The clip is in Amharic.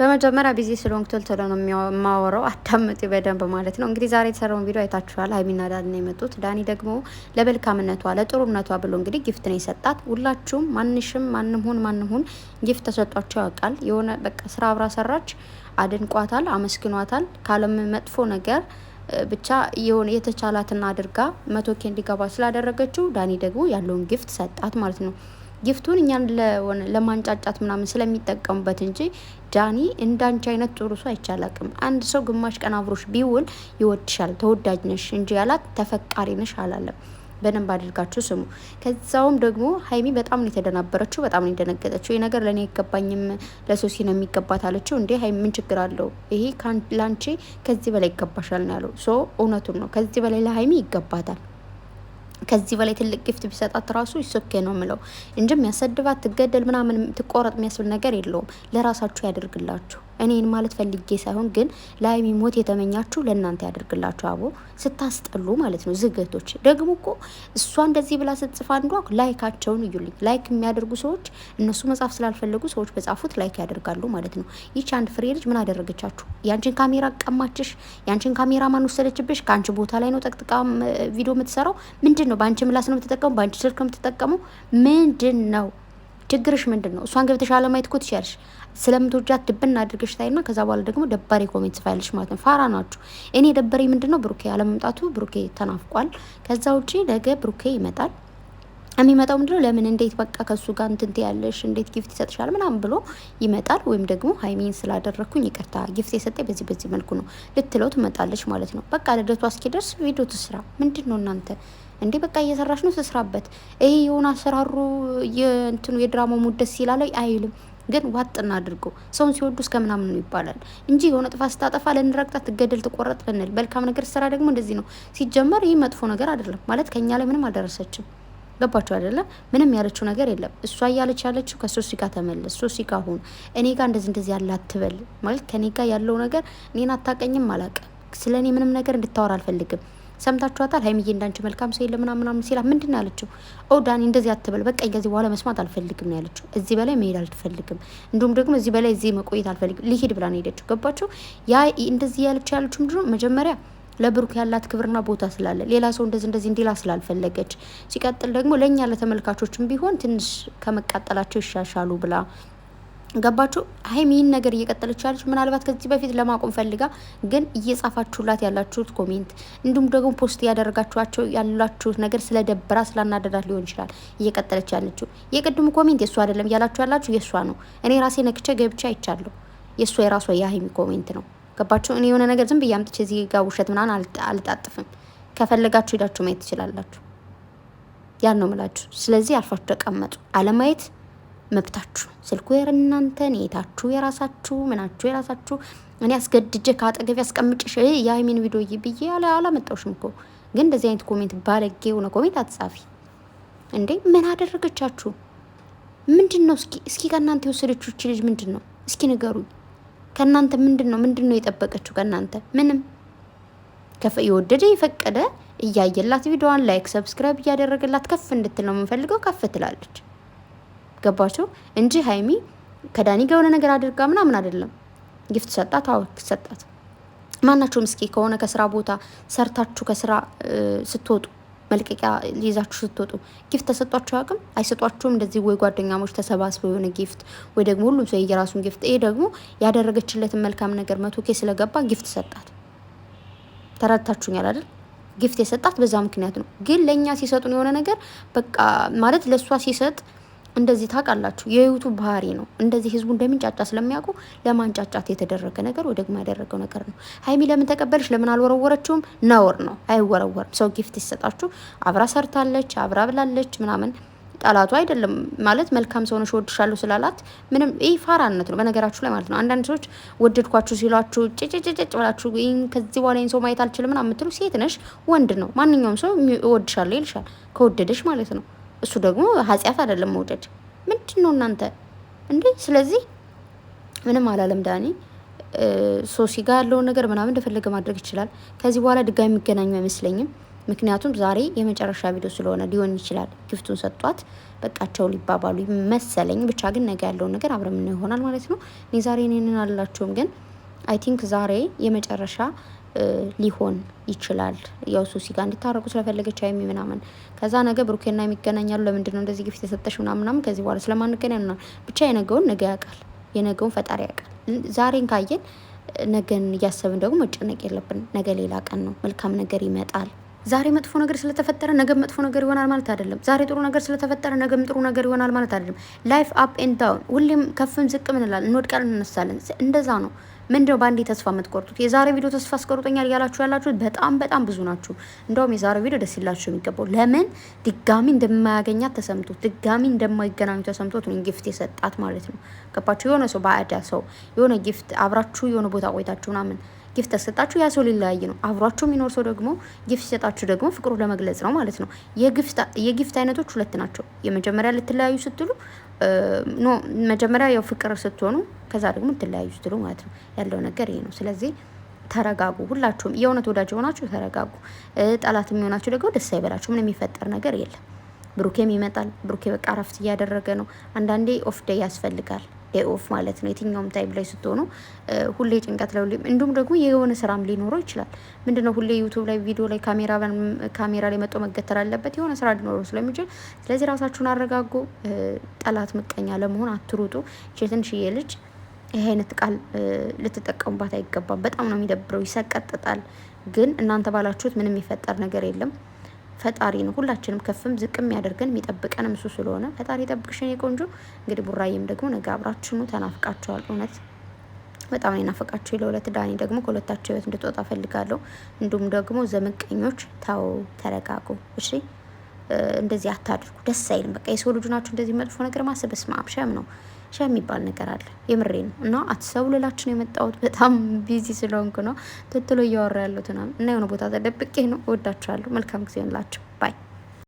በመጀመሪያ ቢዚ ስለሆንክ ቶሎ ቶሎ ነው የማወራው፣ አዳምጥ በደንብ ማለት ነው። እንግዲህ ዛሬ የተሰራውን ቪዲዮ አይታችኋል። ሀይሚና ዳኒ ነው የመጡት። ዳኒ ደግሞ ለበልካምነቷ ለጥሩነቷ ብሎ እንግዲህ ጊፍት ነው የሰጣት። ሁላችሁም ማንሽም ማንም ሁን ማንም ሁን ጊፍት ተሰጧቸው ያውቃል። የሆነ በቃ ስራ አብራ ሰራች፣ አድንቋታል፣ አመስግኗታል። ካለም መጥፎ ነገር ብቻ የሆነ የተቻላትና አድርጋ መቶ ኬ እንዲገባ ስላደረገችው ዳኒ ደግሞ ያለውን ጊፍት ሰጣት ማለት ነው። ጊፍቱን እኛን ለማንጫጫት ምናምን ስለሚጠቀሙበት እንጂ ዳኒ እንዳንቺ አይነት ጥሩ ሰው አይቻላቅም። አንድ ሰው ግማሽ ቀን አብሮሽ ቢውል ይወድሻል፣ ተወዳጅ ነሽ እንጂ ያላት ተፈቃሪ ነሽ አላለም። በደንብ አድርጋችሁ ስሙ። ከዛውም ደግሞ ሀይሚ በጣም ነው የተደናበረችው፣ በጣም ነው የደነገጠችው። ይህ ነገር ለእኔ አይገባኝም፣ ለሶሲ ነው የሚገባት አለችው። እንዴ ሀይሚ ምን ችግር አለው? ይሄ ለአንቺ ከዚህ በላይ ይገባሻል ነው ያለው። ሶ እውነቱን ነው፣ ከዚህ በላይ ለሀይሚ ይገባታል። ከዚህ በላይ ትልቅ ግፍት ቢሰጣት ራሱ ይሶኬ ነው ምለው እንጂ የሚያሰድባት ትገደል ምናምን ትቆረጥ የሚያስብል ነገር የለውም። ለራሳችሁ ያደርግላችሁ። እኔን ማለት ፈልጌ ሳይሆን ግን ለሀይሚ ሞት የተመኛችሁ ለእናንተ ያደርግላችሁ። አቦ ስታስጠሉ ማለት ነው። ዝገቶች ደግሞ እኮ እሷ እንደዚህ ብላ ስትጽፍ አንዷ ላይካቸውን እዩልኝ። ላይክ የሚያደርጉ ሰዎች እነሱ መጻፍ ስላልፈለጉ ሰዎች በጻፉት ላይክ ያደርጋሉ ማለት ነው። ይች አንድ ፍሬ ልጅ ምን አደረገቻችሁ? ያንቺን ካሜራ ቀማችሽ፣ ያንቺን ካሜራ ማን ወሰደችብሽ? ከአንቺ ቦታ ላይ ነው ጠቅጥቃ ቪዲዮ የምትሰራው። ምንድን ነው? በአንቺ ምላስ ነው የምትጠቀሙ? በአንቺ ስልክ ነው የምትጠቀሙ? ምንድን ነው? ችግርሽ ምንድን ነው? እሷን ገብተሽ አለማየት እኮ ትችያለሽ። ስለምትወጃት ድብና አድርገሽ ታይና ከዛ በኋላ ደግሞ ደባሪ ኮሜንት ጽፋያለሽ ማለት ነው። ፋራ ናችሁ። እኔ ደበሬ ምንድን ነው ብሩኬ አለመምጣቱ፣ ብሩኬ ተናፍቋል። ከዛ ውጪ ነገ ብሩኬ ይመጣል። የሚመጣው ምንድነው? ለምን እንዴት በቃ ከሱ ጋር እንትንት ያለሽ እንዴት ጊፍት ይሰጥሻል ምናምን ብሎ ይመጣል። ወይም ደግሞ ሀይሚን ስላደረግኩኝ ይቅርታ ጊፍት የሰጠኝ በዚህ በዚህ መልኩ ነው ልትለው ትመጣለች ማለት ነው። በቃ ልደቷ እስኪደርስ ቪዲዮ ትስራ። ምንድን ነው እናንተ እንዴ በቃ እየሰራሽ ነው ስስራበት። ይሄ የሆነ አሰራሩ የእንትኑ የድራማው ሙድ ደስ ይላል አይልም ግን ዋጥና አድርጎ ሰውን ሲወዱ እስከ ምናምን ነው ይባላል እንጂ የሆነ ጥፋት ስታጠፋ ልንረግጣት፣ ትገደል፣ ትቆረጥ ልንል። መልካም ነገር ስራ ደግሞ እንደዚህ ነው ሲጀመር። ይህ መጥፎ ነገር አይደለም ማለት ከኛ ላይ ምንም አልደረሰችም። ገባችሁ አይደለ? ምንም ያለችው ነገር የለም። እሷ እያለች ያለችው ከሶሲ ጋር ተመለስ፣ ሶሲ ጋር ሁን፣ እኔ ጋር እንደዚህ እንደዚህ ያለ አትበል ማለት ከኔ ጋር ያለው ነገር እኔን አታቀኝም፣ አላቀ ስለ እኔ ምንም ነገር እንድታወራ አልፈልግም ሰምታችኋታል። ሀይሚዬ እንዳንቺ መልካም ሰው የለም ምናምን ምናምን ሲላ ምንድን ነው ያለችው? ኦ ዳኒ እንደዚህ አትበል፣ በቃ ከዚህ በኋላ መስማት አልፈልግም ነው ያለችው። እዚህ በላይ መሄድ አልፈልግም፣ እንዲሁም ደግሞ እዚህ በላይ እዚህ መቆየት አልፈልግም፣ ሊሄድ ብላ ነው ሄደችው። ገባቸው። ያ እንደዚህ ያለች ያለችው ምንድን ነው መጀመሪያ ለብሩክ ያላት ክብርና ቦታ ስላለ ሌላ ሰው እንደዚህ እንደዚህ እንዲላ ስላልፈለገች፣ ሲቀጥል ደግሞ ለእኛ ለተመልካቾችም ቢሆን ትንሽ ከመቃጠላቸው ይሻሻሉ ብላ ገባችሁ? ሀይሚ ይህን ነገር እየቀጠለች ያለች ምናልባት ከዚህ በፊት ለማቆም ፈልጋ ግን እየጻፋችሁላት ያላችሁት ኮሜንት፣ እንዲሁም ደግሞ ፖስት እያደረጋችኋቸው ያላችሁት ነገር ስለደብራ ስላናደዳት ሊሆን ይችላል እየቀጠለች ያለችው። የቅድሙ ኮሜንት የእሱ አይደለም እያላችሁ ያላችሁ የእሷ ነው። እኔ ራሴ ነክቼ ገብቼ አይቻለሁ። የእሷ የራሷ የሀይሚ ኮሜንት ነው። ገባችሁ? እኔ የሆነ ነገር ዝም ብዬ አምጥቼ እዚህ ጋር ውሸት ምናን አልጣጥፍም። ከፈለጋችሁ ሄዳችሁ ማየት ትችላላችሁ። ያን ነው ምላችሁ። ስለዚህ አልፋችሁ ተቀመጡ። አለማየት መብታችሁ። ስልኩ የእናንተን፣ ኔታችሁ የራሳችሁ፣ ምናችሁ የራሳችሁ። እኔ አስገድጄ ከአጠገብ ያስቀምጭሽ የሀይሚን ቪዲዮ ብዬ አላመጣሁሽም እኮ ግን እንደዚህ አይነት ኮሜንት፣ ባለጌ የሆነ ኮሜንት አትጻፊ እንዴ! ምን አደረገቻችሁ? ምንድን ነው እስኪ እስኪ ከእናንተ የወሰደችው እቺ ልጅ ምንድን ነው እስኪ ንገሩኝ። ከእናንተ ምንድን ነው ምንድን ነው የጠበቀችው ከእናንተ? ምንም የወደደ የፈቀደ እያየላት ቪዲዮዋን ላይክ ሰብስክራይብ እያደረገላት ከፍ እንድትል ነው የምንፈልገው። ከፍ ትላለች። ገባቸው እንጂ ሀይሚ ከዳኒ ጋር የሆነ ነገር አድርጋ ምናምን አይደለም። ጊፍት ሰጣት፣ አዎ ሰጣት። ማናቸውም እስኪ ከሆነ ከስራ ቦታ ሰርታችሁ ከስራ ስትወጡ መልቀቂያ ይዛችሁ ስትወጡ ጊፍት ተሰጧችሁ አቅም አይሰጧችሁም? እንደዚህ ወይ ጓደኛሞች ተሰባስበው የሆነ ጊፍት ወይ ደግሞ ሁሉም ሰው የየራሱን ጊፍት። ይሄ ደግሞ ያደረገችለትን መልካም ነገር መቶ ኬ ስለገባ ጊፍት ሰጣት። ተረድታችሁኛል አይደል? ጊፍት የሰጣት በዛ ምክንያት ነው። ግን ለእኛ ሲሰጡን የሆነ ነገር በቃ ማለት ለእሷ ሲሰጥ እንደዚህ ታውቃላችሁ፣ የዩቱብ ባህሪ ነው። እንደዚህ ህዝቡ እንደሚንጫጫ ስለሚያውቁ ለማንጫጫት የተደረገ ነገር ወይ ደግሞ ያደረገው ነገር ነው። ሀይሚ ለምን ተቀበልሽ? ለምን አልወረወረችውም? ነውር ነው፣ አይወረወርም። ሰው ጊፍት ይሰጣችሁ። አብራ ሰርታለች፣ አብራ ብላለች ምናምን ጠላቱ አይደለም ማለት መልካም ሰው ነሽ ወድሻለሁ ስላላት ምንም ይህ ፋራነት ነው በነገራችሁ ላይ ማለት ነው። አንዳንድ ሰዎች ወደድኳችሁ ሲሏችሁ ጭጭጭጭጭ ብላችሁ ከዚህ በኋላ ይህን ሰው ማየት አልችልም ምናምን የምትሉ ሴት ነሽ ወንድ ነው ማንኛውም ሰው እወድሻለሁ ይልሻል ከወደደሽ ማለት ነው። እሱ ደግሞ ኃጢአት አይደለም መውደድ። ምንድን ነው እናንተ እንዴ? ስለዚህ ምንም አላለም ዳኒ ሶሲ ጋር ያለውን ነገር ምናምን እንደፈለገ ማድረግ ይችላል። ከዚህ በኋላ ድጋሚ የሚገናኙ አይመስለኝም። ምክንያቱም ዛሬ የመጨረሻ ቪዲዮ ስለሆነ ሊሆን ይችላል። ግፍቱን ሰጧት፣ በቃቸው ሊባባሉ መሰለኝ። ብቻ ግን ነገ ያለውን ነገር አብረምን ይሆናል ማለት ነው። እኔ ዛሬ እኔንን አላችሁም፣ ግን አይ ቲንክ ዛሬ የመጨረሻ ሊሆን ይችላል። ያው ሱሲ ጋር እንዲታረቁ ስለፈለገች ሀይሚ ምናምን ከዛ ነገ ብሩኬና የሚገናኛሉ ለምንድን ነው እንደዚህ ግፊት የሰጠሽ ምናምን ከዚህ በኋላ ስለማንገናኝ ምናምን ብቻ የነገውን ነገ ያውቃል፣ የነገውን ፈጣሪ ያውቃል። ዛሬን ካየን ነገን እያሰብን ደግሞ መጨነቅ የለብን። ነገ ሌላ ቀን ነው። መልካም ነገር ይመጣል። ዛሬ መጥፎ ነገር ስለተፈጠረ ነገም መጥፎ ነገር ይሆናል ማለት አይደለም። ዛሬ ጥሩ ነገር ስለተፈጠረ ነገም ጥሩ ነገር ይሆናል ማለት አይደለም። ላይፍ አፕ ኤንድ ዳውን፣ ሁሌም ከፍም ዝቅም እንላለን፣ እንወድቃለን፣ እንነሳለን። እንደዛ ነው። ምንድነው በአንዴ ተስፋ የምትቆርጡት? የዛሬ ቪዲዮ ተስፋ አስቆርጦኛል ያላችሁ ያላችሁት በጣም በጣም ብዙ ናችሁ። እንደውም የዛሬ ቪዲዮ ደስ ይላችሁ የሚገባው ለምን ድጋሚ እንደማያገኛት ተሰምቶት ድጋሚ እንደማይገናኙ ተሰምቶት ነው ጊፍት የሰጣት ማለት ነው። ገባችሁ? የሆነ ሰው በአዳ ሰው የሆነ ጊፍት አብራችሁ የሆነ ቦታ ቆይታችሁ ምናምን ጊፍት ተሰጣችሁ፣ ያ ሰው ሊለያይ ነው። አብሯችሁ የሚኖር ሰው ደግሞ ጊፍት ሲሰጣችሁ ደግሞ ፍቅሩ ለመግለጽ ነው ማለት ነው። የጊፍት አይነቶች ሁለት ናቸው። የመጀመሪያ ልትለያዩ ስትሉ ኖ መጀመሪያ ያው ፍቅር ስትሆኑ፣ ከዛ ደግሞ ልትለያዩ ስትሉ ማለት ነው። ያለው ነገር ይሄ ነው። ስለዚህ ተረጋጉ። ሁላችሁም የእውነት ወዳጅ የሆናችሁ ተረጋጉ። ጠላት የሚሆናችሁ ደግሞ ደስ አይበላችሁ። ምን የሚፈጠር ነገር የለም። ብሩኬም ይመጣል። ብሩኬ በቃ ረፍት እያደረገ ነው። አንዳንዴ ኦፍ ዴይ ያስፈልጋል። ዴይ ኦፍ ማለት ነው። የትኛውም ታይም ላይ ስትሆኑ ሁሌ ጭንቀት ላይ ሁሌም እንዲሁም ደግሞ የሆነ ስራም ሊኖረው ይችላል። ምንድነው ሁሌ ዩቱብ ላይ ቪዲዮ ላይ ካሜራ ላይ መጦ መገተር አለበት የሆነ ስራ ሊኖረው ስለሚችል፣ ስለዚህ ራሳችሁን አረጋጉ። ጠላት ምቀኛ ለመሆን አትሩጡ። ትንሽዬ ልጅ ይሄ አይነት ቃል ልትጠቀሙባት አይገባም። በጣም ነው የሚደብረው፣ ይሰቀጥጣል። ግን እናንተ ባላችሁት ምንም የሚፈጠር ነገር የለም። ፈጣሪ ነው ሁላችንም ከፍም ዝቅም ያደርገን የሚጠብቀን እሱ ስለሆነ ፈጣሪ ጠብቅሽን የቆንጆ እንግዲህ ቡራዬም ደግሞ ነገ አብራችኑ ተናፍቃቸዋል እውነት በጣም ነው ለሁለት። ዳኒ ደግሞ ከሁለታቸው ህይወት እንድትወጣ ፈልጋለሁ። እንዲሁም ደግሞ ዘመቀኞች ታው ተረጋጉ፣ እሺ እንደዚህ አታድርጉ፣ ደስ አይልም። በቃ የሰው ልጁ ናችሁ እንደዚህ መጥፎ ነገር ማሰብ ስማምሸም ነው ሻ የሚባል ነገር አለ። የምሬ ነው እና አትሰቡ ልላችሁ ነው የመጣሁት። በጣም ቢዚ ስለሆንኩ ነው ትትሎ እያወራ ያለሁት ምናምን እና የሆነ ቦታ ተደብቄ ነው። እወዳችኋለሁ። መልካም ጊዜ ሆንላችሁ። ባይ